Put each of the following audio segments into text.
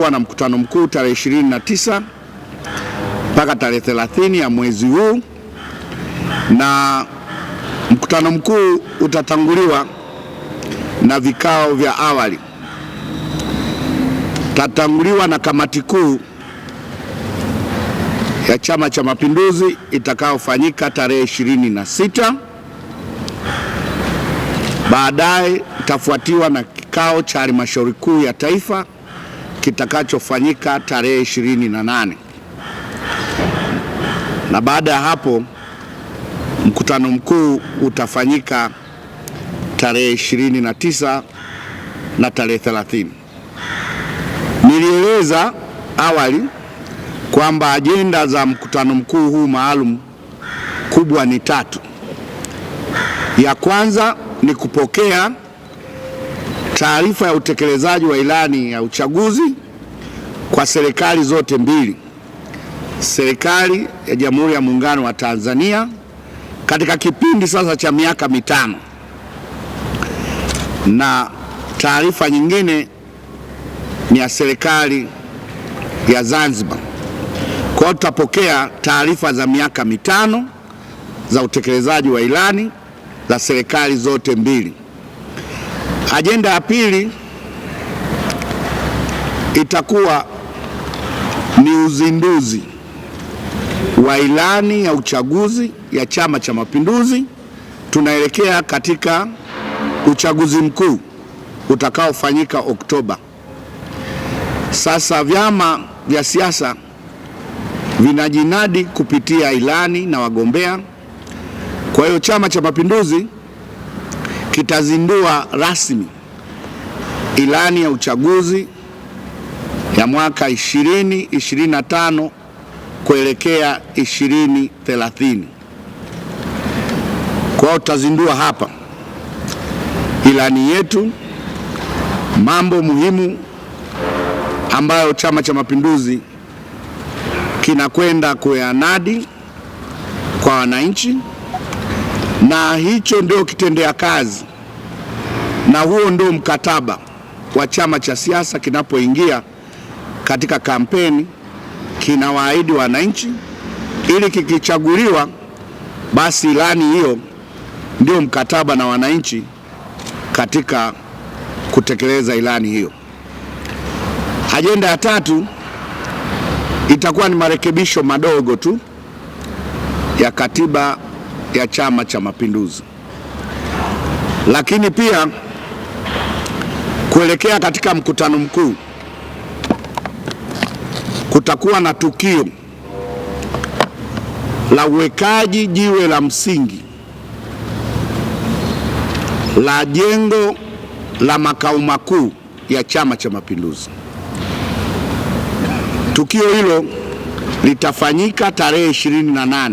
Kuwa na mkutano mkuu tarehe 29 mpaka tarehe 30 ya mwezi huu, na mkutano mkuu utatanguliwa na vikao vya awali, tatanguliwa na kamati kuu ya Chama cha Mapinduzi itakayofanyika tarehe 26. Baadaye itafuatiwa na kikao cha halmashauri kuu ya taifa kitakachofanyika tarehe 28 na baada ya hapo mkutano mkuu utafanyika tarehe 29 na tarehe thelathini. Nilieleza awali kwamba ajenda za mkutano mkuu huu maalum kubwa ni tatu. Ya kwanza ni kupokea taarifa ya utekelezaji wa ilani ya uchaguzi kwa serikali zote mbili, serikali ya Jamhuri ya Muungano wa Tanzania katika kipindi sasa cha miaka mitano, na taarifa nyingine ni ya serikali ya Zanzibar. Kwa hiyo tutapokea taarifa za miaka mitano za utekelezaji wa ilani za serikali zote mbili. Ajenda ya pili itakuwa ni uzinduzi wa ilani ya uchaguzi ya Chama cha Mapinduzi. Tunaelekea katika uchaguzi mkuu utakaofanyika Oktoba. Sasa vyama vya siasa vinajinadi kupitia ilani na wagombea. Kwa hiyo Chama cha Mapinduzi kitazindua rasmi ilani ya uchaguzi ya mwaka 2025 kuelekea 2030. Kwao tutazindua hapa ilani yetu, mambo muhimu ambayo Chama cha Mapinduzi kinakwenda kuyanadi kwa wananchi na hicho ndio kitendea kazi na huo ndio mkataba wa chama cha siasa kinapoingia katika kampeni, kinawaahidi wananchi ili kikichaguliwa, basi ilani hiyo ndio mkataba na wananchi katika kutekeleza ilani hiyo. Ajenda ya tatu itakuwa ni marekebisho madogo tu ya katiba ya Chama cha Mapinduzi, lakini pia kuelekea katika mkutano mkuu kutakuwa na tukio la uwekaji jiwe la msingi la jengo la makao makuu ya Chama cha Mapinduzi. Tukio hilo litafanyika tarehe 28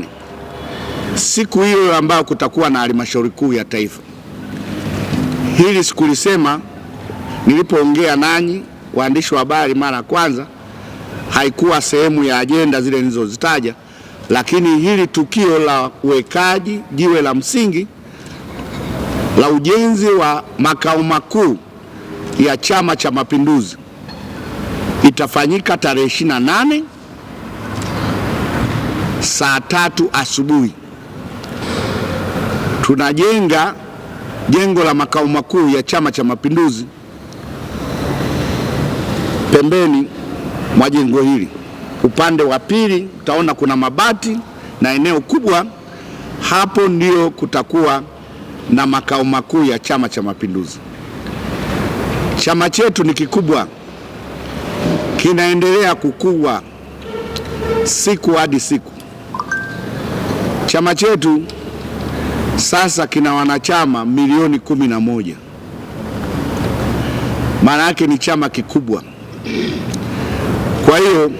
siku hiyo ambayo kutakuwa na halmashauri kuu ya taifa. Hili sikulisema nilipoongea nanyi waandishi wa habari mara ya kwanza, haikuwa sehemu ya ajenda zile nilizozitaja, lakini hili tukio la uwekaji jiwe la msingi la ujenzi wa makao makuu ya Chama cha Mapinduzi itafanyika tarehe 28 saa tatu asubuhi tunajenga jengo la makao makuu ya Chama cha Mapinduzi pembeni mwa jengo hili. Upande wa pili utaona kuna mabati na eneo kubwa hapo, ndio kutakuwa na makao makuu ya Chama cha Mapinduzi. Chama chetu ni kikubwa, kinaendelea kukua siku hadi siku. Chama chetu sasa kina wanachama milioni kumi na moja. Maana yake ni chama kikubwa. Kwa hiyo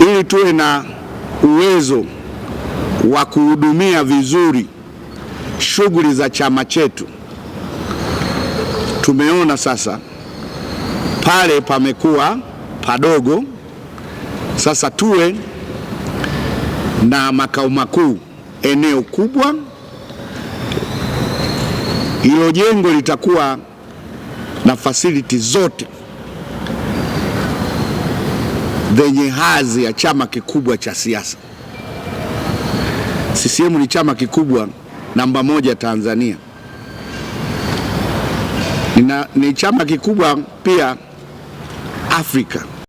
ili tuwe na uwezo wa kuhudumia vizuri shughuli za chama chetu, tumeona sasa pale pamekuwa padogo. Sasa tuwe na makao makuu eneo kubwa. Hilo jengo litakuwa na fasiliti zote zenye hadhi ya chama kikubwa cha siasa. CCM ni chama kikubwa namba moja Tanzania. Nina, ni chama kikubwa pia Afrika.